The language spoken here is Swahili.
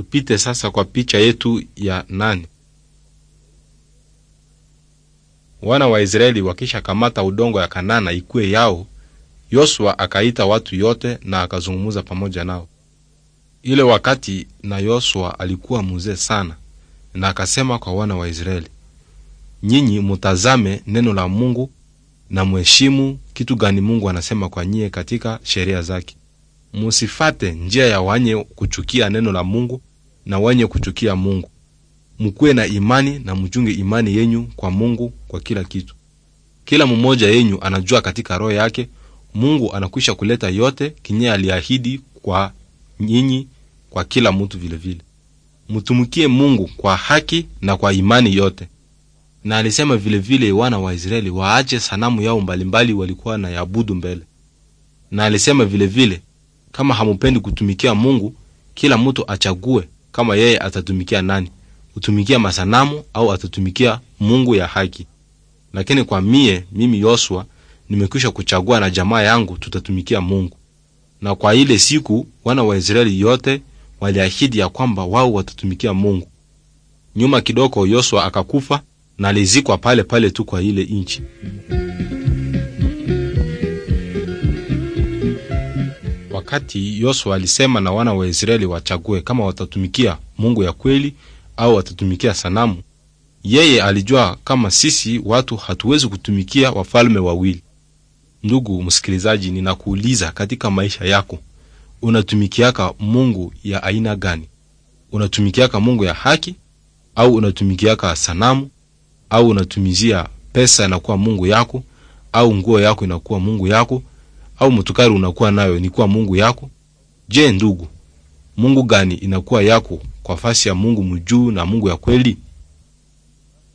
Tupite sasa kwa picha yetu ya nane. Wana wa Israeli kamata udongo ya Kanana ikuwe yao, Yosua akaita watu yote na akazungumuza pamoja nao. Ile wakati na Yosua alikuwa mzee sana, na akasema kwa wana wa Israeli, nyinyi mutazame neno la Mungu na mheshimu kitu gani Mungu anasema kwa nyie katika sheria zake. Musifate njia ya wanye kuchukia neno la Mungu na wenye kuchukia Mungu. Mukuwe na imani na mchunge imani yenyu kwa Mungu kwa kila kitu. Kila mmoja yenyu anajua katika roho yake Mungu anakwisha kuleta yote kinye aliahidi kwa nyinyi, kwa kila mtu vilevile. mutumikie Mungu kwa haki na kwa imani yote. Na alisema vilevile wana wa Israeli waache sanamu yao mbalimbali walikuwa na yabudu mbele. Na alisema vilevile vile, kama hamupendi kutumikia Mungu, kila mtu achague kama yeye atatumikia nani? Utumikia masanamu au atatumikia Mungu ya haki? Lakini kwa mie, mimi Yosua, nimekwisha kuchagua na jamaa yangu tutatumikia Mungu. Na kwa ile siku wana wa Israeli yote waliahidi ya kwamba wao watatumikia Mungu. Nyuma kidogo yoswa akakufa na alizikwa pale pale tu kwa ile nchi. wakati yosua alisema na wana wa Israeli wachague kama watatumikia Mungu ya kweli au watatumikia sanamu. Yeye alijua kama sisi watu hatuwezi kutumikia wafalme wawili. Ndugu msikilizaji, ninakuuliza katika maisha yako, unatumikiaka Mungu ya aina gani? Unatumikiaka Mungu ya haki au unatumikiaka sanamu? Au unatumizia pesa inakuwa Mungu yako, au nguo yako inakuwa Mungu yako, au mutukari unakuwa nayo ni kuwa Mungu yako? Je, ndugu, Mungu gani inakuwa yako kwa fasi ya Mungu mjuu na Mungu ya kweli?